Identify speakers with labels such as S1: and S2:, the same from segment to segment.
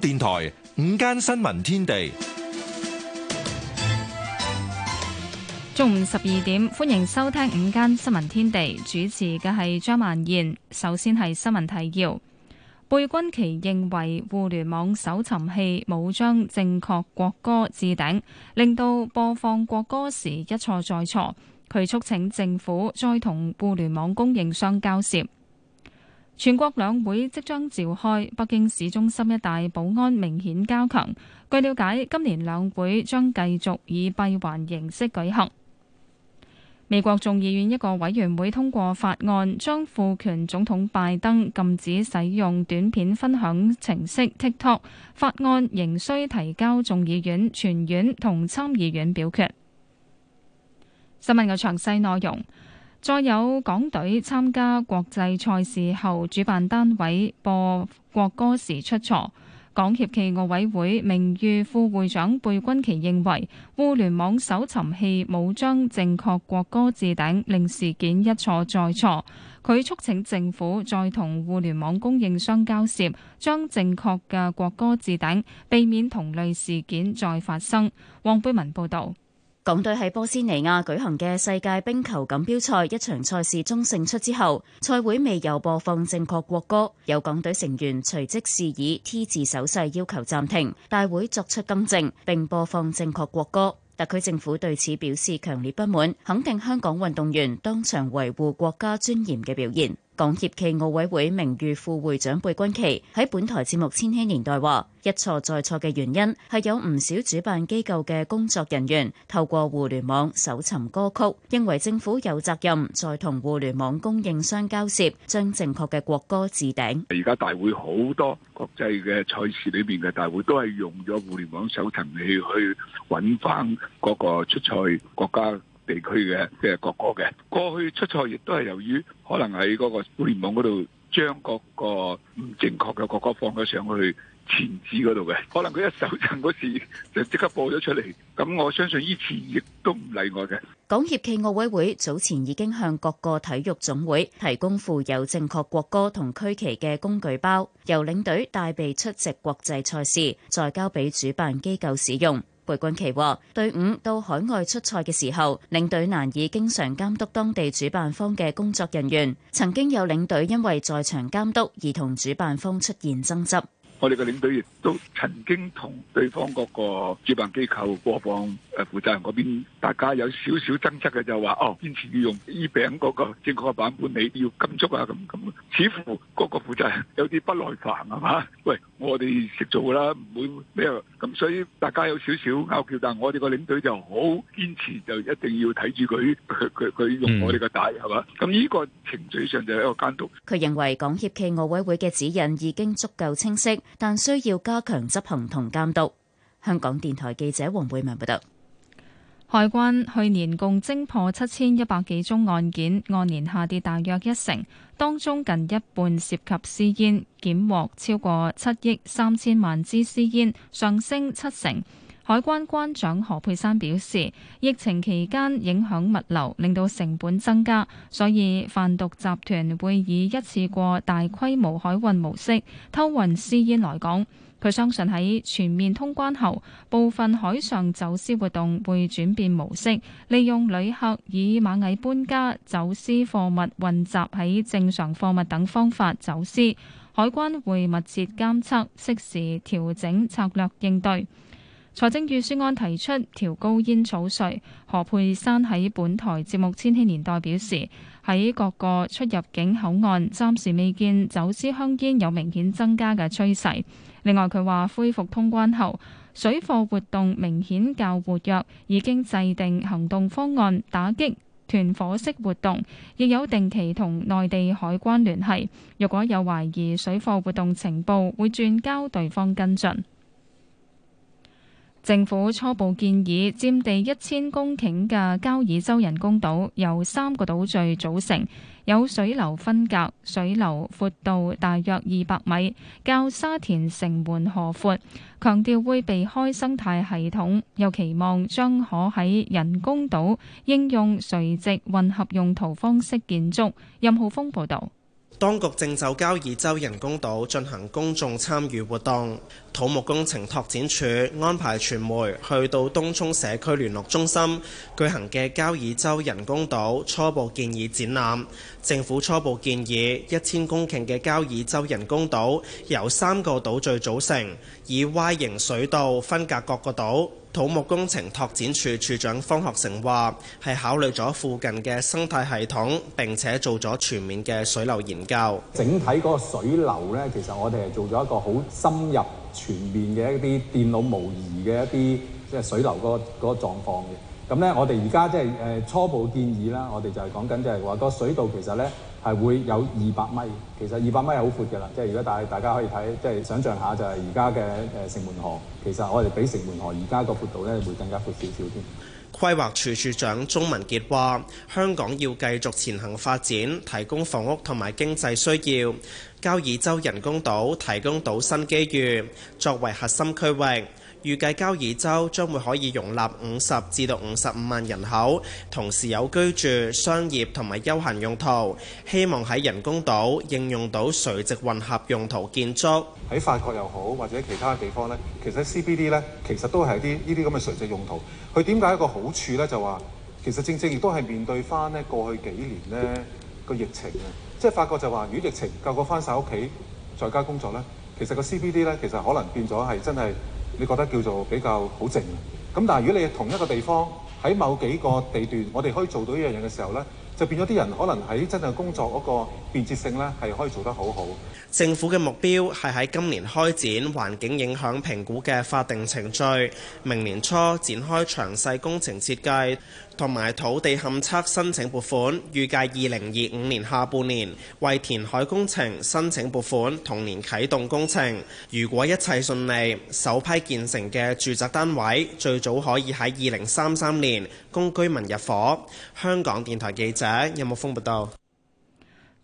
S1: 電台午間新聞天地，
S2: 中午十二點，歡迎收聽午間新聞天地，主持嘅係張曼燕。首先係新聞提要，貝君琪認為互聯網搜尋器冇將正確國歌置頂，令到播放國歌時一錯再錯，佢促請政府再同互聯網供應商交涉。全國兩會即將召開，北京市中心一帶保安明顯加強。據了解，今年兩會將繼續以閉環形式舉行。美國眾議院一個委員會通過法案，將賦權總統拜登禁止使用短片分享程式 TikTok。法案仍需提交眾議院全院同參議院表決。新聞嘅詳細內容。再有港隊參加國際賽事後主辦單位播國歌時出錯，港協暨奧委會名譽副會長貝君奇認為互聯網搜尋器冇將正確國歌置頂，令事件一錯再錯，佢促請政府再同互聯網供應商交涉，將正確嘅國歌置頂，避免同類事件再發生。黃貝文報道。港隊喺波斯尼亞舉行嘅
S3: 世界冰球錦標賽一場賽事中勝出之後，賽會未有播放正確國歌，有港隊成員隨即示意 T 字手勢要求暫停，大會作出更正並播放正確國歌。特區政府對此表示強烈不滿，肯定香港運動員當場維護國家尊嚴嘅表現。港協暨奧委會名譽副會長貝君琪喺本台節目《千禧年代》話：一錯再錯嘅原因係有唔少主辦機構嘅工作人員透過互聯網搜尋歌曲，認為政府有責任再同互聯網供應商交涉，將正確嘅國歌置頂。
S4: 而家大會好多國際嘅賽事裏邊嘅大會都係用咗互聯網搜尋器去揾翻各個出賽國家。地區嘅即係國歌嘅過去出錯，亦都係由於可能喺嗰個互聯網嗰度將嗰個唔正確嘅國歌放咗上去前置嗰度嘅。可能佢一手陣嗰時就即刻播咗出嚟。咁我相信以前亦都唔例外嘅。
S3: 港協暨奧委會早前已經向各個體育總會提供附有正確國歌同區旗嘅工具包，由領隊帶備出席國際賽事，再交俾主辦機構使用。季君琪話：隊伍到海外出賽嘅時候，領隊難以經常監督當地主辦方嘅工作人員，曾經有領隊因為在場監督而同主辦方出現爭執。
S4: 我哋嘅領隊亦都曾經同對方嗰個主辦機構播放誒負責人嗰邊，大家有少少爭執嘅，就話哦，堅持要用依餅嗰個正確嘅版本，你要跟足啊咁咁。似乎嗰個負責人有啲不耐煩係嘛？喂，我哋識做㗎啦，唔會咩咁，所以大家有少少拗撬，但係我哋個領隊就好堅持，就一定要睇住佢佢佢用我哋個帶係嘛？咁呢個程序上就係一個監督。
S3: 佢認為港協暨奧委會嘅指引已經足夠清晰。但需要加強執行同監督。香港電台記者黃貝文報道，
S2: 海關去年共偵破七千一百幾宗案件，按年下跌大約一成，當中近一半涉及私煙，檢獲超過七億三千萬支私煙，上升七成。海關關長何佩珊表示，疫情期間影響物流，令到成本增加，所以販毒集團會以一次過大規模海運模式偷運私煙來港。佢相信喺全面通關後，部分海上走私活動會轉變模式，利用旅客以螞蟻搬家、走私貨物混集喺正常貨物等方法走私。海關會密切監測，適時調整策略應對。財政預算案提出調高煙草稅。何佩珊喺本台節目《千禧年代》表示，喺各個出入境口岸暫時未見走私香煙有明顯增加嘅趨勢。另外，佢話恢復通關後，水貨活動明顯較活躍，已經制定行動方案打擊團伙式活動，亦有定期同內地海關聯繫。若果有懷疑水貨活動情報，會轉交對方跟進。政府初步建議佔地一千公頃嘅交椅洲人工島由三個島嶼組成，有水流分隔，水流闊度大約二百米，較沙田城門河闊。強調會避開生態系統，又期望將可喺人工島應用垂直混合用途方式建築。任浩峰報導。
S1: 當局正就交椅洲人工島進行公眾參與活動，土木工程拓展署安排傳媒去到東涌社區聯絡中心舉行嘅交椅洲人工島初步建議展覽。政府初步建議一千公頃嘅交椅洲人工島由三個島嶼組成，以 Y 型水道分隔各個島。土木工程拓展處處長方學成話，係考慮咗附近嘅生態系統，並且做咗全面嘅水流研究。整體嗰個水流咧，其實我哋係做咗一個好深入、全面嘅一啲電腦模擬
S5: 嘅一啲即係水流、嗰個、嗰個嗰狀況嘅。咁咧，我哋而家即係誒初步建議啦，我哋就係講緊，就係話個水道其實咧。係會有二百米，其實二百米係好
S1: 闊嘅啦，即係如果大大家可以睇，即係想像下就係而家嘅誒城門河，其實我哋比城門河而家個闊度咧會更加闊少少啲。規劃署署長鍾文傑話：香港要繼續前行發展，提供房屋同埋經濟需要。交椅洲人工島提供島新機遇，作為核心區域。預計交椅洲將會可以容納五十至到五十五萬人口，同時有居住、商業同埋休閒用途。希望喺人工島應用到垂直混合用途建築，喺法國又好，或者其他嘅地方呢，其實 C B D 呢其實都係啲呢啲咁嘅垂直用途。佢點解有一個好處呢？就話其實正正亦都係面對翻呢過去幾年呢個疫情啊，即係法國就話，如果疫情夠個翻晒屋企，在家工作呢，其實個 C B D 呢其實可能變咗係真係。你覺得叫做比較好靜嘅咁，但係如果你同一個地方喺某幾個地段，我哋可以做到依樣嘢嘅時候呢，就變咗啲人可能喺真係工作嗰個便捷性呢，係可以做得好好。政府嘅目標係喺今年開展環境影響評估嘅法定程序，明年初展開詳細工程設計。同埋土地勘測申請撥款，預計二零二五年下半年為填海工程申請撥款，同年啟動工程。如果一切順利，首批建成嘅住宅單位最早可以喺二零三三年供居民入伙。香港電台記者任木風報道。有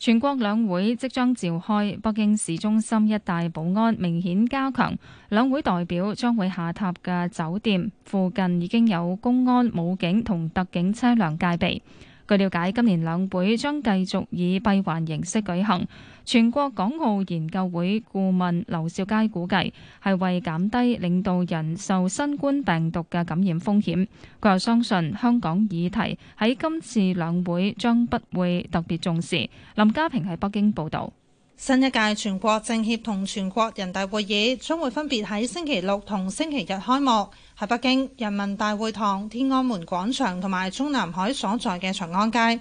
S2: 全國兩會即將召開，北京市中心一帶保安明顯加強，兩會代表將會下榻嘅酒店附近已經有公安、武警同特警車輛戒備。據了解，今年兩會將繼續以閉環形式舉行。全國港澳研究會顧問劉兆佳估計，係為減低領導人受新冠病毒嘅感染風險。佢又相信香港議題喺今次
S6: 兩會將不會特別重視。林家平喺北京報導，新一屆全國政協同全國人大會議將會分別喺星期六同星期日開幕，喺北京人民大會堂、天安門廣場同埋中南海所在嘅長安街。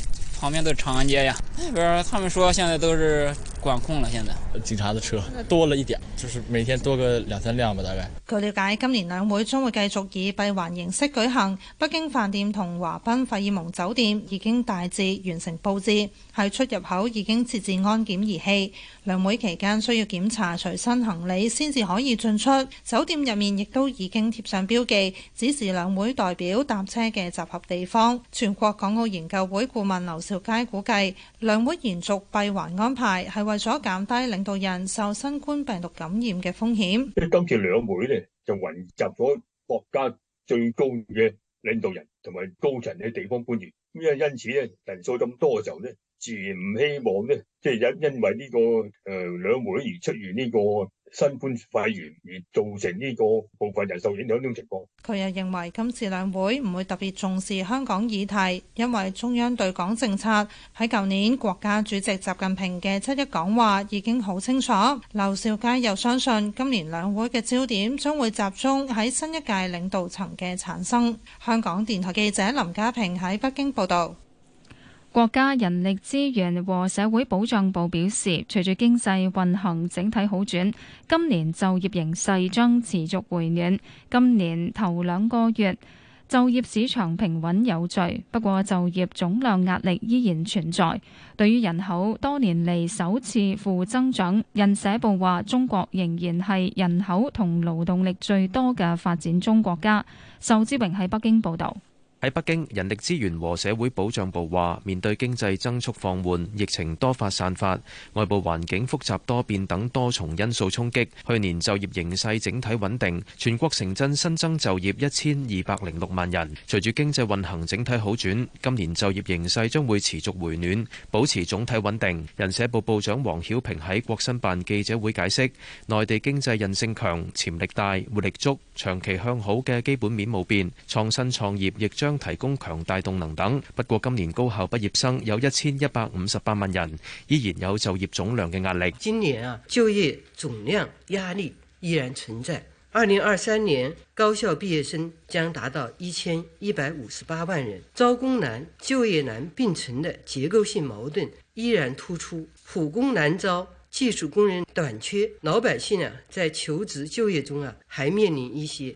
S7: 旁邊都是長安街呀、啊，那邊他們說現在都是。管控了，現在警察的車多了一點，就是每天多個兩三輛吧，大概。
S6: 據了解，今年兩會將會繼續以閉環形式舉行。北京飯店同華彬費爾蒙酒店已經大致完成佈置，喺出入口已經設置安檢儀器。兩會期間需要檢查隨身行李先至可以進出。酒店入面亦都已經貼上標記，指示兩會代表搭車嘅集合地方。全國港澳研究會顧問劉兆佳估計，兩會延續閉環安排係為咗減低領導人受新冠病毒感染嘅風險，
S4: 即係今次兩會咧就雲集咗國家最高嘅領導人同埋高層嘅地方官員，咁因因此咧人數咁多嘅時候咧自然唔希望咧即係因因為呢個誒兩、呃、會而出現呢個。新冠肺炎而造成呢個部分人受影響呢種情
S6: 況，佢又認為今次兩會唔會特別重視香港議題，因為中央對港政策喺舊年國家主席習近平嘅七一講話已經好清楚。劉少佳又相信今年兩會嘅焦點將會集中喺新一屆領導層嘅產生。香港電台記者林家平喺北京報道。
S2: 國家人力資源和社會保障部表示，隨住經濟運行整體好轉，今年就業形勢將持續回暖。今年頭兩個月就業市場平穩有序，不過就業總量壓力依然存在。對於人口多年嚟首次負增長，人社部話中國仍然係人口同勞動力最多嘅發展中國家。仇志榮喺北京報導。
S8: 喺北京，人力資源和社會保障部話：面對經濟增速放緩、疫情多發散發、外部環境複雜多變等多重因素衝擊，去年就業形勢整體穩定，全國城鎮新增就業一千二百零六萬人。隨住經濟運行整體好轉，今年就業形勢將會持續回暖，保持總體穩定。人社部部長王曉萍喺國新辦記者會解釋：內地經濟韌性強、潛力大、活力足，長期向好嘅基本面冇變，創新創業亦將提供強大動能等，不過今年高校畢業生有一千一百五十八萬人，依然有就業總量嘅壓力。今
S9: 年啊，就業總量壓力依然存在。二零二三年高校畢業生將達到一千一百五十八萬人，招工難、就業難並存的結構性矛盾依然突出。普工難招，技術工人短缺，老百姓啊，在求職就業中啊，還面臨一些。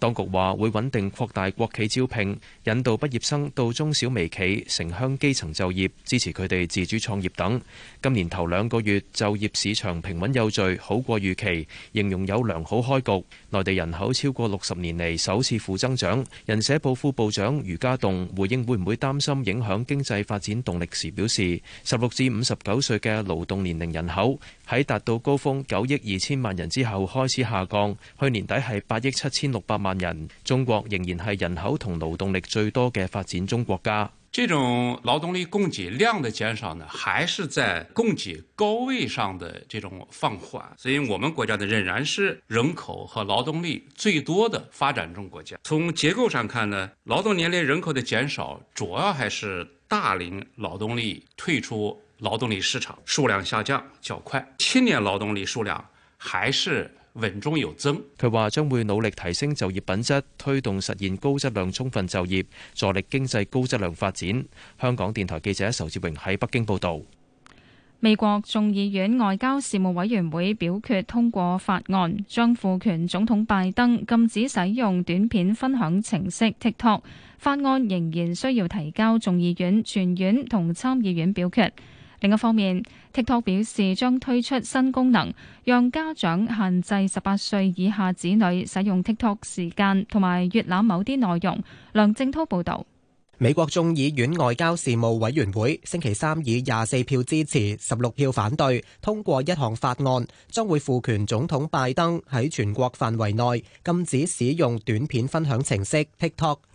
S8: 當局話會穩定擴大國企招聘，引導畢業生到中小微企、城鄉基層就業，支持佢哋自主創業等。今年頭兩個月就業市場平穩有序，好過預期，形容有良好開局。內地人口超過六十年嚟首次負增長。人社部副部長余家棟回應會唔會擔心影響經濟發展動力時表示：十六至五十九歲嘅勞動年齡人口，喺達到高峰九億二千萬人之後開始下降，去年底係八億七千六百萬人。中國仍然係人口同勞動力最多嘅發展中國家。
S5: 這種勞動力供給量的減少呢，還是在供給高位上的這種放緩，所以我們國家呢，仍然是人口和勞動力最多嘅發展中國家。從結構上看呢，勞動年齡人口的減少主要還是大齡勞動力退出。勞動力市場數量下降較快，青年勞動力數量還是穩中
S8: 有增。佢話將會努力提升就業品質，推動實現高質量充分就業，助力經濟高質量發展。香港電台記者仇志榮喺北京報導。
S2: 美國眾議院外交事務委員會表決通過法案，將賦權總統拜登禁止使用短片分享程式 TikTok。法案仍然需要提交眾議院全院同參議院表決。另一方面，TikTok 表示將推出新功能，讓家長限制十八歲以下子女使用 TikTok 時間同埋閱覽某啲內容。梁正滔報導，
S9: 美國眾議院外交事務委員會星期三以廿四票支持，十六票反對通過一項法案，將會賦權總統拜登喺全國範圍內禁止使用短片分享程式 TikTok。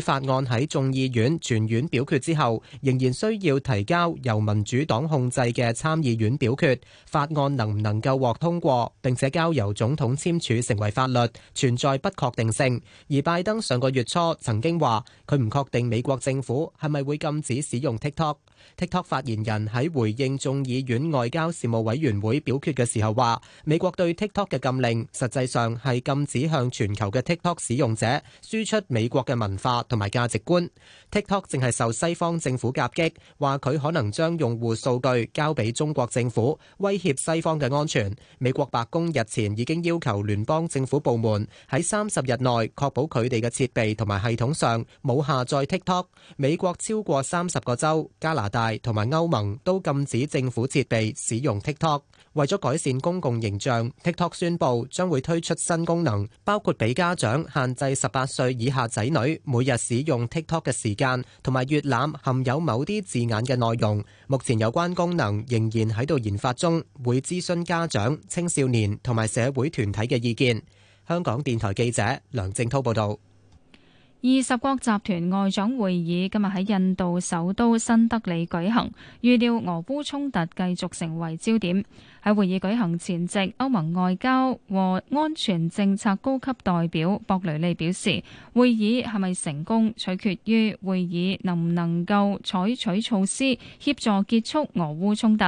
S9: 法案喺眾議院全院表決之後，仍然需要提交由民主黨控制嘅參議院表決，法案能唔能夠獲通過，並且交由總統簽署成為法律，存在不確定性。而拜登上個月初曾經話，佢唔確定美國政府係咪會禁止使用 TikTok。TikTok 發言人喺回應眾議院外交事務委員會表決嘅時候話美國對 TikTok 嘅禁令實際上係禁止向全球嘅 TikTok 使用者輸出美國嘅文化同埋價值觀 TikTok 正係受西方政府夾擊話佢可能將用戶數據交俾中國政府威脅西方嘅安全美國白宮日前已經要求聯邦政府部門喺三十日內確保佢哋嘅設備同埋系統上冇下載 TikTok 美國超過三十個州大同埋歐盟都禁止政府設備使用 TikTok，為咗改善公共形象，TikTok 宣布將會推出新功能，包括俾家長限制十八歲以下仔女每日使用 TikTok 嘅時間，同埋閲覽含有某啲字眼嘅內容。目前有關功能仍然喺度研發中，會諮詢家長、青少年同埋社會團體嘅意見。香港電台記者梁正滔報道。
S2: 二十國集團外長會議今日喺印度首都新德里舉行，預料俄烏衝突繼續成為焦點。喺會議舉行前夕，歐盟外交和安全政策高級代表博雷利表示，會議係咪成功，取決於會議能唔能夠採取措施協助結束俄烏衝突。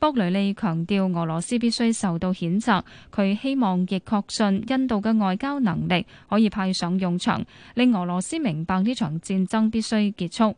S2: 博雷利強調，俄羅斯必須受到譴責，佢希望亦確信印度嘅外交能力可以派上用場，令俄羅斯明白呢場戰爭必須結束。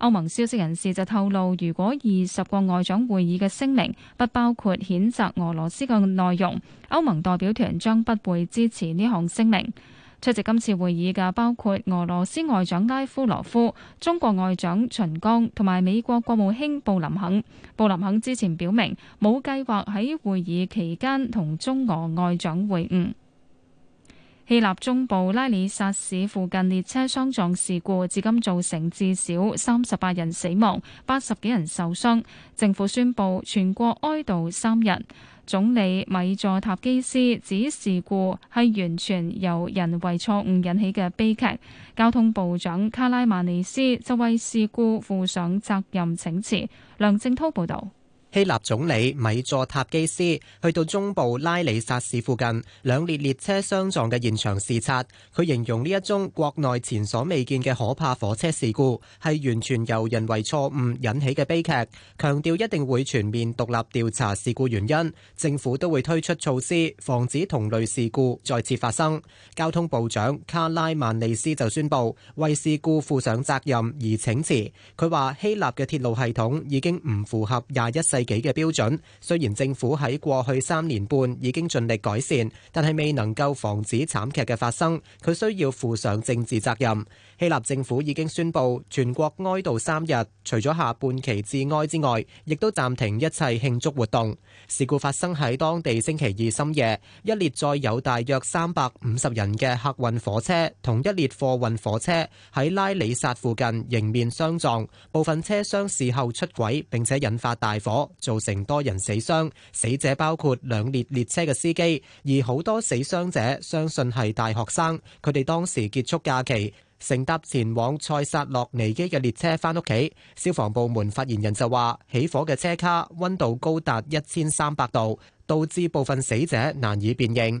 S2: 歐盟消息人士就透露，如果二十國外長會議嘅聲明不包括譴責俄羅斯嘅內容，歐盟代表團將不會支持呢項聲明。出席今次會議嘅包括俄羅斯外長拉夫羅夫、中國外長秦剛同埋美國國務卿布林肯。布林肯之前表明冇計劃喺會議期間同中俄外長會晤。希臘中部拉里薩市附近列車相撞事故，至今造成至少三十八人死亡、八十幾人受傷，政府宣布全國哀悼三日。總理米佐塔基斯指事故係完全由人為錯誤引起嘅悲劇，交通部長卡拉曼尼斯就為事故負上責任請辭。梁正濤報道。
S9: 希臘總理米佐塔基斯去到中部拉里薩市附近兩列列車相撞嘅現場視察，佢形容呢一宗國內前所未見嘅可怕火車事故係完全由人為錯誤引起嘅悲劇，強調一定會全面獨立調查事故原因，政府都會推出措施防止同類事故再次發生。交通部長卡拉曼利斯就宣布為事故負上責任而請辭，佢話希臘嘅鐵路系統已經唔符合廿一世。自己嘅標準，雖然政府喺過去三年半已經盡力改善，但係未能夠防止慘劇嘅發生。佢需要負上政治責任。希臘政府已經宣布全國哀悼三日，除咗下半旗致哀之外，亦都暫停一切慶祝活動。事故發生喺當地星期二深夜，一列載有大約三百五十人嘅客運火車同一列貨運火車喺拉里薩附近迎面相撞，部分車廂事後出軌並且引發大火。造成多人死傷，死者包括兩列列車嘅司機，而好多死傷者相信係大學生，佢哋當時結束假期，乘搭前往塞薩洛尼基嘅列車翻屋企。消防部門發言人就話：起火嘅車卡溫度高達一千三百度，導致部分死者難以辨認。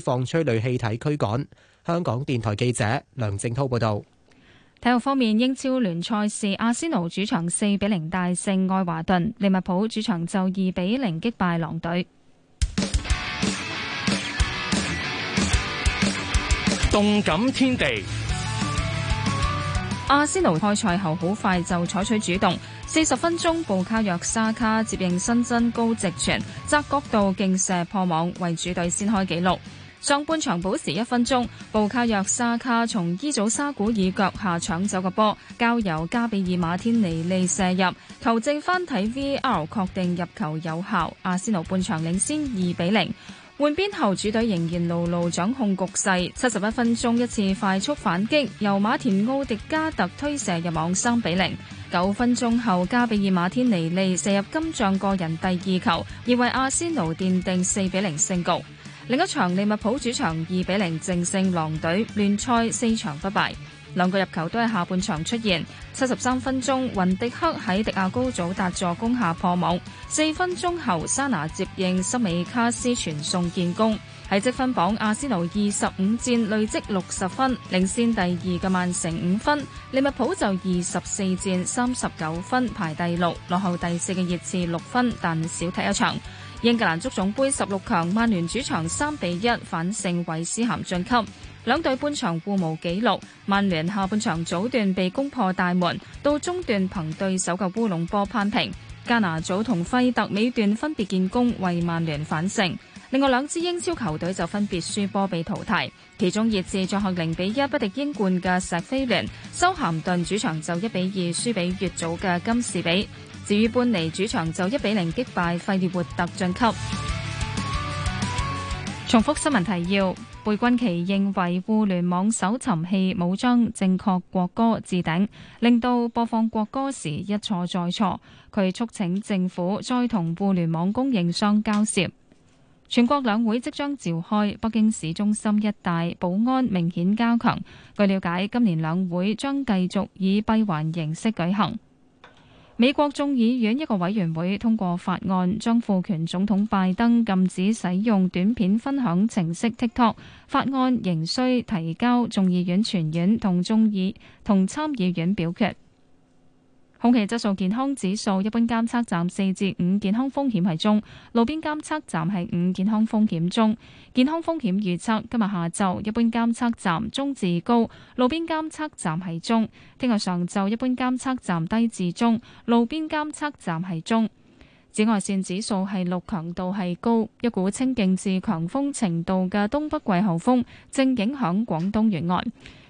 S9: 放催淚氣體驅趕。香港電台記者梁正濤報道。
S2: 體育方面，英超聯賽事阿仙奴主場四比零大勝愛華頓，利物浦主場就二比零擊敗狼隊。動感天地，阿仙奴開賽後好快就採取主動，四十分鐘，布卡約沙卡接應新增高直傳，側角度勁射破網，為主隊先開紀錄。上半場補時一分鐘，布卡約沙卡從伊祖沙古爾腳下搶走個波，交由加比爾馬天尼利射入，球證翻睇 VR 確定入球有效，阿仙奴半場領先二比零。換邊後主隊仍然牢牢掌控局勢。七十一分鐘一次快速反擊，由馬田奧迪加特推射入網三比零。九分鐘後加比爾馬天尼利射入今仗個人第二球，而為阿仙奴奠定四比零勝局。另一場利物浦主場二比零淨勝狼隊，聯賽四場不敗，兩個入球都係下半場出現。七十三分鐘，雲迪克喺迪亞高祖達助攻下破網。四分鐘後，沙拿接應塞美卡斯傳送建功。喺積分榜，阿仙奴二十五戰累積六十分，領先第二嘅曼城五分。利物浦就二十四戰三十九分，排第六，落後第四嘅熱刺六分，但少踢一場。英格蘭足總杯十六強，曼聯主場三比一反勝韋斯咸晉級，兩隊半場互無紀錄。曼聯下半場早段被攻破大門，到中段憑對手嘅烏龍波攀平。加拿祖同費特尾段分別建功為曼聯反勝。另外兩支英超球隊就分別輸波被淘汰，其中熱刺作客零比一不敵英冠嘅錫菲聯，修咸頓主場就一比二輸俾乙組嘅金士比。至於搬離主場就一比零擊敗費爾活特進級。重複新聞提要，貝鈞奇認為互聯網搜尋器冇將正確國歌置頂，令到播放國歌時一錯再錯。佢促請政府再同互聯網供應商交涉。全國兩會即將召開，北京市中心一帶保安明顯加強。據瞭解，今年兩會將繼續以閉環形式舉行。美國眾議院一個委員會通過法案，將賦權總統拜登禁止使用短片分享程式 TikTok。法案仍需提交眾議院全院同眾議同參議院表決。空氣質素健康指數一般監測站四至五，健康風險係中；路邊監測站係五，健康風險中。健康風險預測今日下晝一般監測站中至高，路邊監測站係中；聽日上晝一般監測站低至中，路邊監測站係中。紫外綫指數係六，強度係高。一股清勁至強風程度嘅東北季候風正影響廣東沿岸。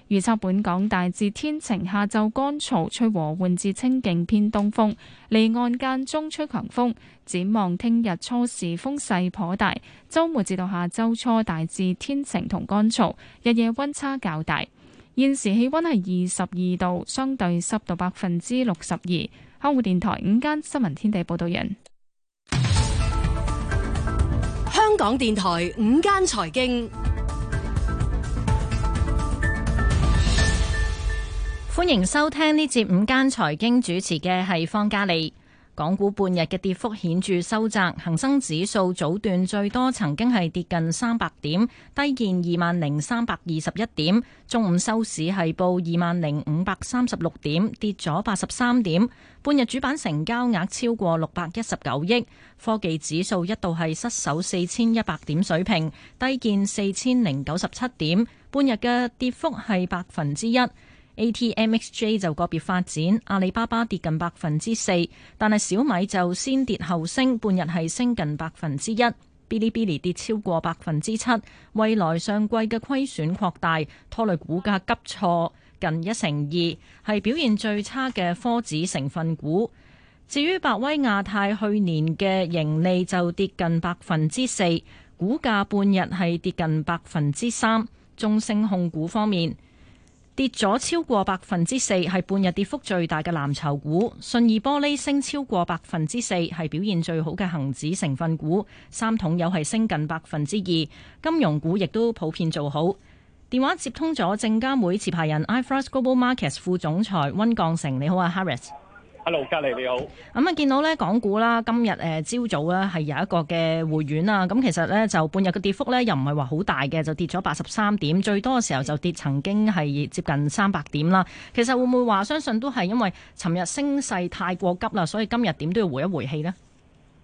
S2: 預測本港大致天晴，下晝乾燥，吹和緩至清勁偏東風，離岸間中吹強風。展望聽日初時風勢頗大，周末至到下周初大致天晴同乾燥，日夜温差較大。現時氣温係二十二度，相對濕度百分之六十二。港香港電台午間新聞天地報道員。香港電台午間財經。
S10: 歡迎收聽呢節午間財經，主持嘅係方嘉利。港股半日嘅跌幅顯著收窄，恒生指數早段最多曾經係跌近三百點，低見二萬零三百二十一點。中午收市係報二萬零五百三十六點，跌咗八十三點。半日主板成交額超過六百一十九億。科技指數一度係失守四千一百點水平，低見四千零九十七點。半日嘅跌幅係百分之一。A.T.M.X.J 就個別發展，阿里巴巴跌近百分之四，但係小米就先跌後升，半日係升近百分之一。Bilibili 跌超過百分之七，未來上季嘅虧損擴大拖累股價急挫近一成二，係表現最差嘅科指成分股。至於百威亞太去年嘅盈利就跌近百分之四，股價半日係跌近百分之三。中升控股方面，跌咗超過百分之四，係半日跌幅最大嘅藍籌股。信義玻璃升超過百分之四，係表現最好嘅恒指成分股。三桶油係升近百分之二，金融股亦都普遍做好。電話接通咗證監會持牌人 iFirst Global Markets 副總裁温鋼成，你好啊，Harris。Har hello，隔籬你好。咁啊，見到咧港股啦，今日誒朝早咧係有一個嘅回軟啊。咁其實咧就半日嘅跌幅咧又唔係話好大嘅，就跌咗八十三點，最多嘅時候就跌曾經係接近三百點啦。其實會唔會話相信都係因為尋日升勢太過急啦，所以今日點都要回一回氣咧？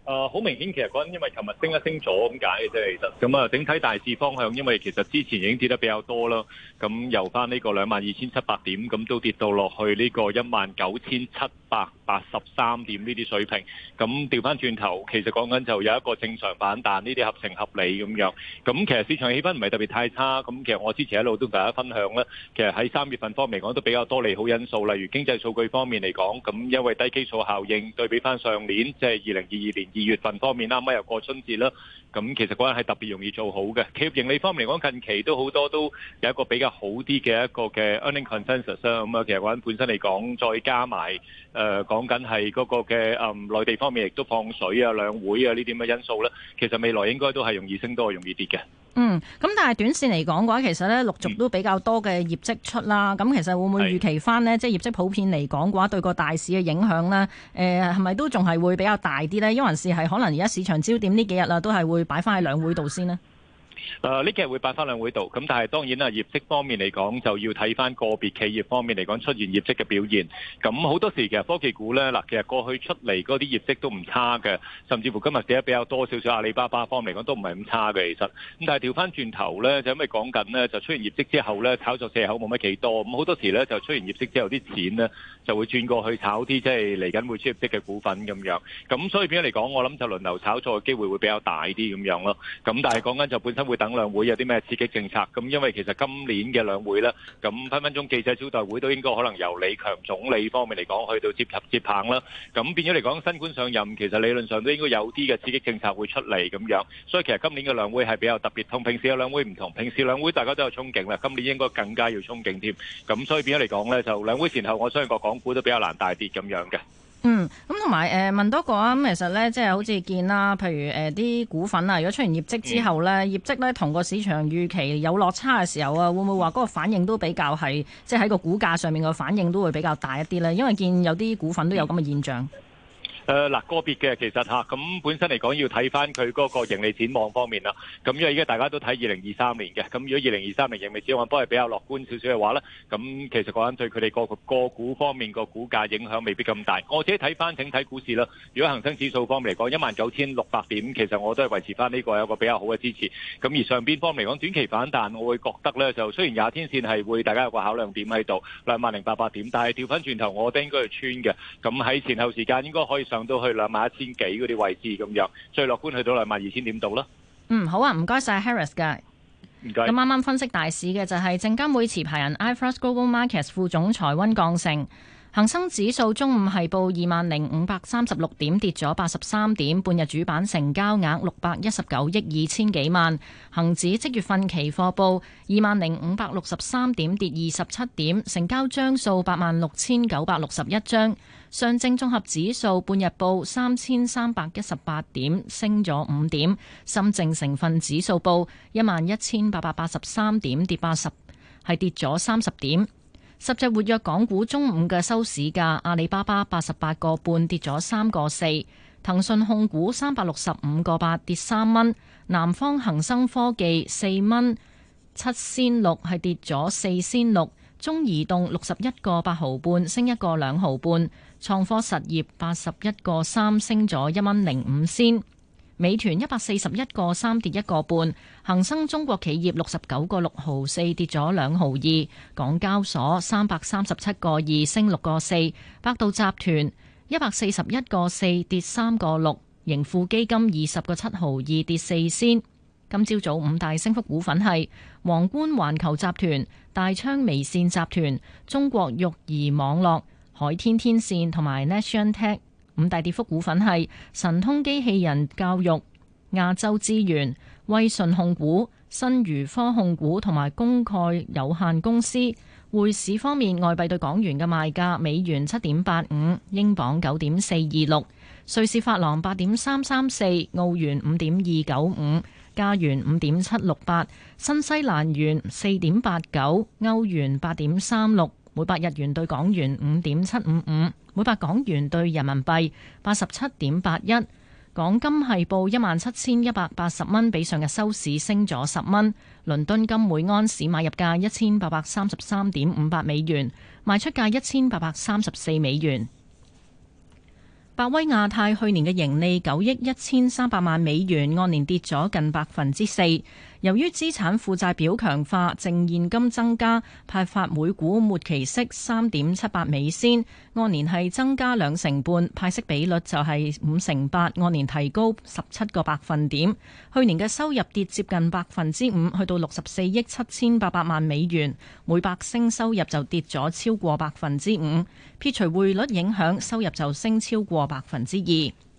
S5: 誒，好明顯其實嗰陣因為尋日升一升咗咁解嘅啫，其實咁啊整體大市方向，因為其實之前已經跌得比較多啦，咁由翻呢個兩萬二千七百點，咁都跌到落去呢個一萬九千七。百八十三點呢啲水平，咁調翻轉頭，其實講緊就有一個正常反彈，呢啲合情合理咁樣。咁其實市場氣氛唔係特別太差。咁其實我之前一路都同大家分享咧，其實喺三月份方面嚟講都比較多利好因素，例如經濟數據方面嚟講，咁因為低基數效應，對比翻上年，即係二零二二年二月份方面啦，咪又過春節啦。咁其實嗰陣係特別容易做好嘅。企業盈利方面嚟講，近期都好多都有一個比較好啲嘅一個嘅 earning consensus。咁啊，其實嗰陣本身嚟講，再加埋。誒、呃、講緊係嗰個嘅誒、嗯、內地方面亦都放水啊、兩會啊呢啲嘅因素咧，其實未來應該都係容易升多，容易跌嘅。嗯，
S10: 咁但係短線嚟講嘅話，其實咧陸續都比較多嘅業績出啦。咁、嗯、其實會唔會預期翻呢？即係是業績普遍嚟講嘅話，對個大市嘅影響咧，誒係咪都仲係會比較大啲咧？因為是係可能而家市場焦點呢幾日啦、啊，都係會擺翻喺兩會度先咧。
S5: 誒呢、啊、幾日會擺翻兩會度，咁但係當然啦，業績方面嚟講就要睇翻個別企業方面嚟講出現業績嘅表現。咁好多時其實科技股呢，嗱，其實過去出嚟嗰啲業績都唔差嘅，甚至乎今日跌得比較多少少，阿里巴巴方面嚟講都唔係咁差嘅其實。咁但係調翻轉頭呢，就因為講緊呢，就出完業績之後呢，炒作藉口冇乜幾多，咁好多時呢，就出完業績之後啲錢呢，就會轉過去炒啲即係嚟緊會出業績嘅股份咁樣。咁所以變咗嚟講，我諗就輪流炒作嘅機會會會比較大啲咁樣咯。咁但係講緊就本身會。等兩會有啲咩刺激政策咁？因為其實今年嘅兩會呢，咁分分鐘記者招待會都應該可能由李強總理方面嚟講去到接合接棒啦。咁變咗嚟講，新官上任其實理論上都應該有啲嘅刺激政策會出嚟咁樣，所以其實今年嘅兩會係比較特別，同平時嘅兩會唔同。平時兩會大家都有憧憬啦，今年應該更加要憧憬添。咁所以變咗嚟講呢，就兩會前後，我相信個港股都比較難大跌咁樣嘅。
S10: 嗯，咁同埋誒問多個啊。咁其實咧，即係好似見啦，譬如誒啲、呃、股份啊，如果出完業績之後咧，嗯、業績咧同個市場預期有落差嘅時候啊，會唔會話嗰個反應都比較係即係喺個股價上面個反應都會比較大一啲咧？因為見有啲股份都有咁嘅現象。嗯
S5: 誒嗱、呃、個別嘅其實嚇，咁、啊、本身嚟講要睇翻佢嗰個盈利展望方面啦。咁、啊、因為而家大家都睇二零二三年嘅，咁、啊、如果二零二三年盈利展望都係比較樂觀少少嘅話呢，咁、啊、其實講緊對佢哋個個股方面個股價影響未必咁大。我自己睇翻，整體股市啦、啊。如果恒生指數方面嚟講，一萬九千六百點，其實我都係維持翻呢個有個比較好嘅支持。咁、啊、而上邊方面嚟講，短期反彈，我會覺得呢，就雖然廿天線係會大家有個考量點喺度，兩萬零八百點，但係調翻轉頭，我覺得應該係穿嘅。咁、啊、喺前後時間應該可以。上到去兩萬一千幾嗰啲位置咁樣，最樂觀去到兩萬二千點度啦。
S10: 嗯，好啊，唔該晒。Harris 嘅，唔該謝。咁啱啱分析大市嘅就係證監會持牌人 iFirst Global Markets 副總裁温鋼成。恒生指數中午係報二萬零五百三十六點，跌咗八十三點，半日主板成交額六百一十九億二千幾萬。恒指即月份期貨報二萬零五百六十三點，跌二十七點，成交張數八萬六千九百六十一張。上證綜合指數半日報三千三百一十八點，升咗五點。深證成分指數報一萬一千八百八十三點，跌八十，係跌咗三十點。十隻活躍港股中午嘅收市價，阿里巴巴八十八個半跌咗三個四，騰訊控股三百六十五個八跌三蚊，南方恒生科技四蚊七仙六係跌咗四仙六，中移動六十一個八毫半升一個兩毫半，創科實業八十一個三升咗一蚊零五仙。美團一百四十一個三跌一個半，恒生中國企業六十九個六毫四跌咗兩毫二，港交所三百三十七個二升六個四，百度集團一百四十一個四跌三個六，盈富基金二十個七毫二跌四仙。今朝早，早五大升幅股份係皇冠環球集團、大昌微線集團、中國育兒網絡、海天天線同埋 NationTech 五大跌幅股份係神通機器人教育、亞洲資源、威信控股、新如科控股同埋公概有限公司。匯市方面，外幣對港元嘅賣價：美元七點八五，英鎊九點四二六，瑞士法郎八點三三四，澳元五點二九五，加元五點七六八，新西蘭元四點八九，歐元八點三六。每百日元兌港元五點七五五，每百港元兌人民幣八十七點八一。港金係報一萬七千一百八十蚊，比上日收市升咗十蚊。倫敦金每安士買入價一千八百三十三點五八美元，賣出價一千八百三十四美元。百威亞太去年嘅盈利九億一千三百萬美元，按年跌咗近百分之四，由於資產負債表強化，淨現金增加，派發每股末期息三點七八美仙，按年係增加兩成半，派息比率就係五成八，按年提高十七個百分點。去年嘅收入跌接近百分之五，去到六十四億七千八百萬美元，每百升收入就跌咗超過百分之五，撇除匯率影響，收入就升超過百分之二。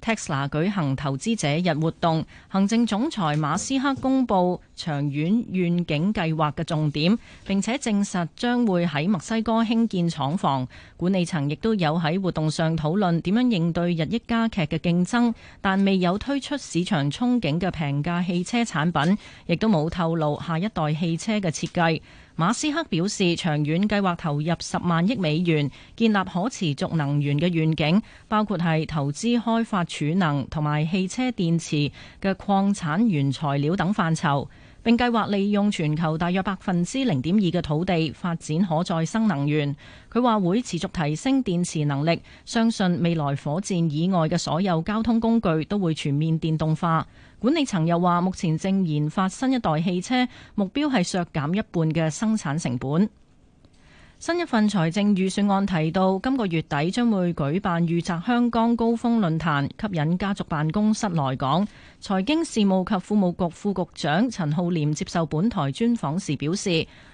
S10: Tesla 舉行投資者日活動，行政總裁馬斯克公布長遠願景計劃嘅重點，並且證實將會喺墨西哥興建廠房。管理層亦都有喺活動上討論點樣應對日益加劇嘅競爭，但未有推出市場憧憬嘅平價汽車產品，亦都冇透露下一代汽車嘅設計。馬斯克表示，長遠計劃投入十萬億美元，建立可持續能源嘅願景，包括係投資開發儲能同埋汽車電池嘅礦產原材料等範疇。並計劃利用全球大約百分之零點二嘅土地發展可再生能源。佢話會持續提升電池能力，相信未來火箭以外嘅所有交通工具都會全面電動化。管理層又話，目前正研發新一代汽車，目標係削減一半嘅生產成本。新一份財政預算案提到，今個月底將會舉辦預測香港高峰論壇，吸引家族辦公室來港。財經事務及庫務局副局長陳浩濂接受本台專訪時表示，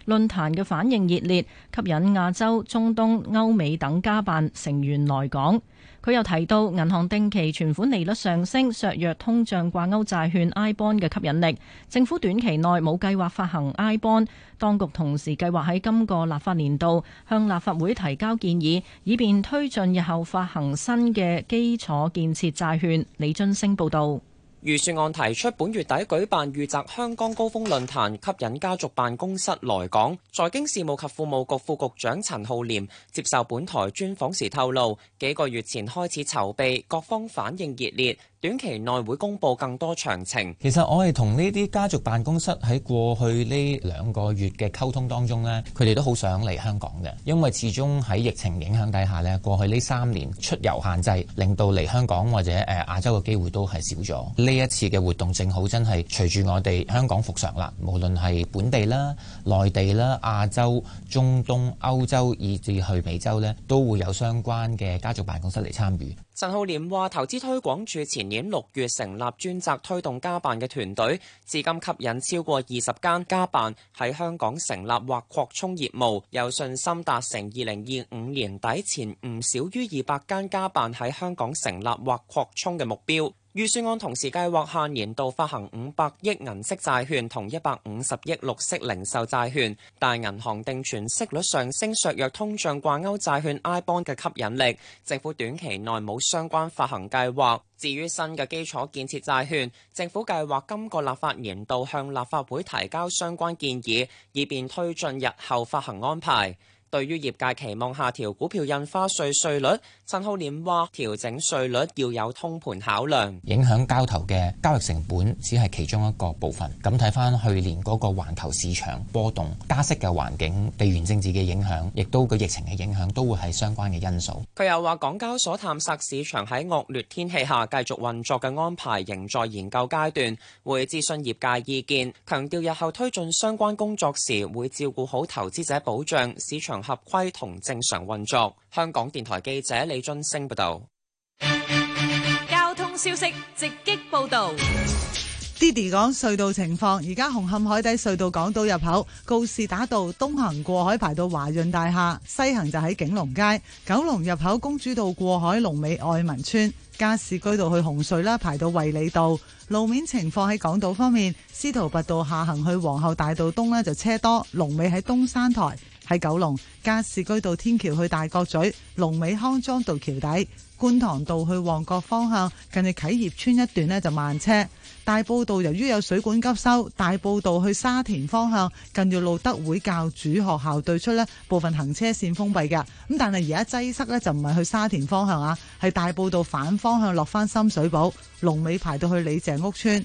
S10: 論壇嘅反應熱烈，吸引亞洲、中東、歐美等家辦成員來港。佢又提到，銀行定期存款利率上升，削弱通脹掛鈎債券 I bond 嘅吸引力。政府短期內冇計劃發行 I bond，當局同時計劃喺今個立法年度向立法會提交建議，以便推進日後發行新嘅基礎建設債券。李津升報道。
S7: 預算案提出本月底舉辦預測香港高峰論壇，吸引家族辦公室來港。財經事務及庫務局副局長陳浩廉接受本台專訪時透露，幾個月前開始籌備，各方反應熱烈，短期內會公布更多詳情。其實我哋同呢啲家族辦公室喺過去呢兩個月嘅溝通當中呢，佢哋都好想嚟香港嘅。因為始終喺疫情影響底下呢，過去呢三年出遊限制，令到嚟香港或者誒亞洲嘅機會都係少咗。呢一次嘅活動正好真係隨住我哋香港復常啦，無論係本地啦、內地啦、亞洲、中東、歐洲，以至去美洲呢，都會有相關嘅家族辦公室嚟參與。陳浩濂話：投資推廣署前年六月成立專責推動家辦嘅團隊，至今吸引超過二十間家辦喺香港成立或擴充業務，有信心達成二零二五年底前唔少於二百間家辦喺香港成立或擴充嘅目標。預算案同時計劃下年度發行五百億銀色債券同一百五十億綠色零售債券，但銀行定存息率上升削弱通脹掛鉤債券 I bond 嘅吸引力。政府短期內冇相關發行計劃。至於新嘅基礎建設債券，政府計劃今個立法年度向立法會提交相關建議，以便推進日後發行安排。對於業界期望下調股票印花稅稅率，陳浩濂話調整稅率要有通盤考量，影響交投嘅交易成本只係其中一個部分。咁睇返去年嗰個環球市場波動、加息嘅環境、地緣政治嘅影響，亦都個疫情嘅影響都會係相關嘅因素。佢又話港交所探索市場喺惡劣天氣下繼續運作嘅安排仍在研究階段，會諮詢業界意見，強調日後推進相關工作時會照顧好投資者保障市場。合規同正常運作。香港電台記者李津升報道。
S6: 交通消息直擊報道。
S11: d i d y 講隧道情況，而家紅磡海底隧道港島入口告士打道東行過海排到華潤大廈，西行就喺景龍街九龍入口公主道過海龍尾愛民村加士居道去紅隧啦，排到衛理道。路面情況喺港島方面，司徒拔道下行去皇后大道東呢就車多，龍尾喺東山台。喺九龍加士居道天橋去大角咀、龍尾康莊道橋底、觀塘道去旺角方向，近住啟業村一段呢就慢車。大埔道由於有水管急修，大埔道去沙田方向，近住路德會教主學校對出呢部分行車線封閉㗎。咁但係而家擠塞呢，就唔係去沙田方向啊，係大埔道反方向落翻深水埗、龍尾排到去李鄭屋村。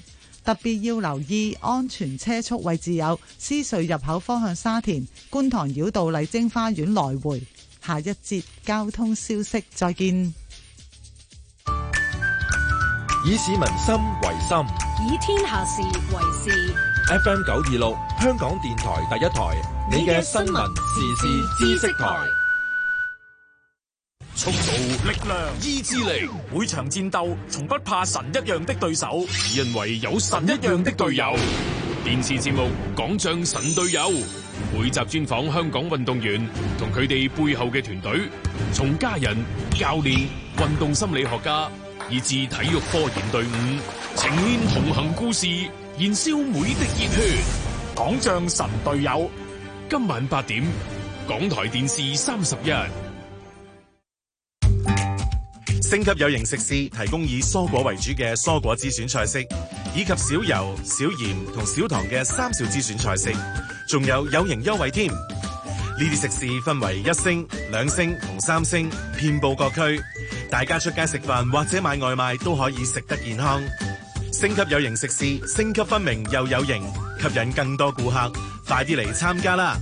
S11: 特別要留意安全車速位置有獅隧入口方向、沙田觀塘繞道麗晶花園來回。下一節交通消息，再見。
S5: 以市民心為
S8: 心，
S11: 以天下事為事。
S8: FM 九二六，香港電台第一台，
S5: 你嘅新聞時事知識台。速度、力量、意志力，每場戰鬥從不怕神一樣的對手，因為有神一樣的隊友。友電視節目《港將神隊友》，每集專訪香港運動員同佢哋背後嘅團隊，從家人、教練、運動心理學家，以至體育科研隊伍，呈現同行故事，燃燒每滴熱血。港將神隊友，今晚八點，港台電視三十一。
S1: 星級有營食肆提供以蔬果為主嘅蔬果之選菜式，以及少油、少鹽同少糖嘅三少之選菜式，仲有有營優惠添。呢啲食肆分為一星、兩星同三星，遍布各區，大家出街食飯或者買外賣都可以食得健康。星級有營食肆，星級分明又有營，吸引更多顧客，快啲嚟參加啦！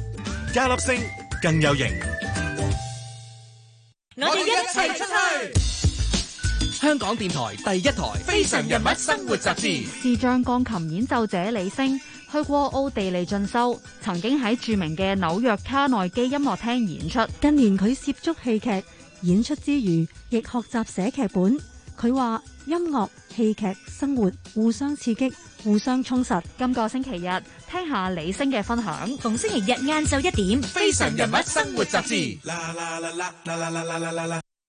S1: 加粒星更有營，我
S8: 哋一齊出去。香港電台第一台《非常人物生活雜誌》，
S2: 視障鋼琴演奏者李星去過奧地利進修，曾經喺著名嘅紐約卡內基音樂廳演出。近年佢涉足戲劇演出之餘，亦學習寫劇本。佢話音樂、戲劇、生活互相刺激，互相充實。今個星期日聽下李星嘅分享，逢星期日晏晝一點，
S11: 《非常
S3: 人物生活雜誌》。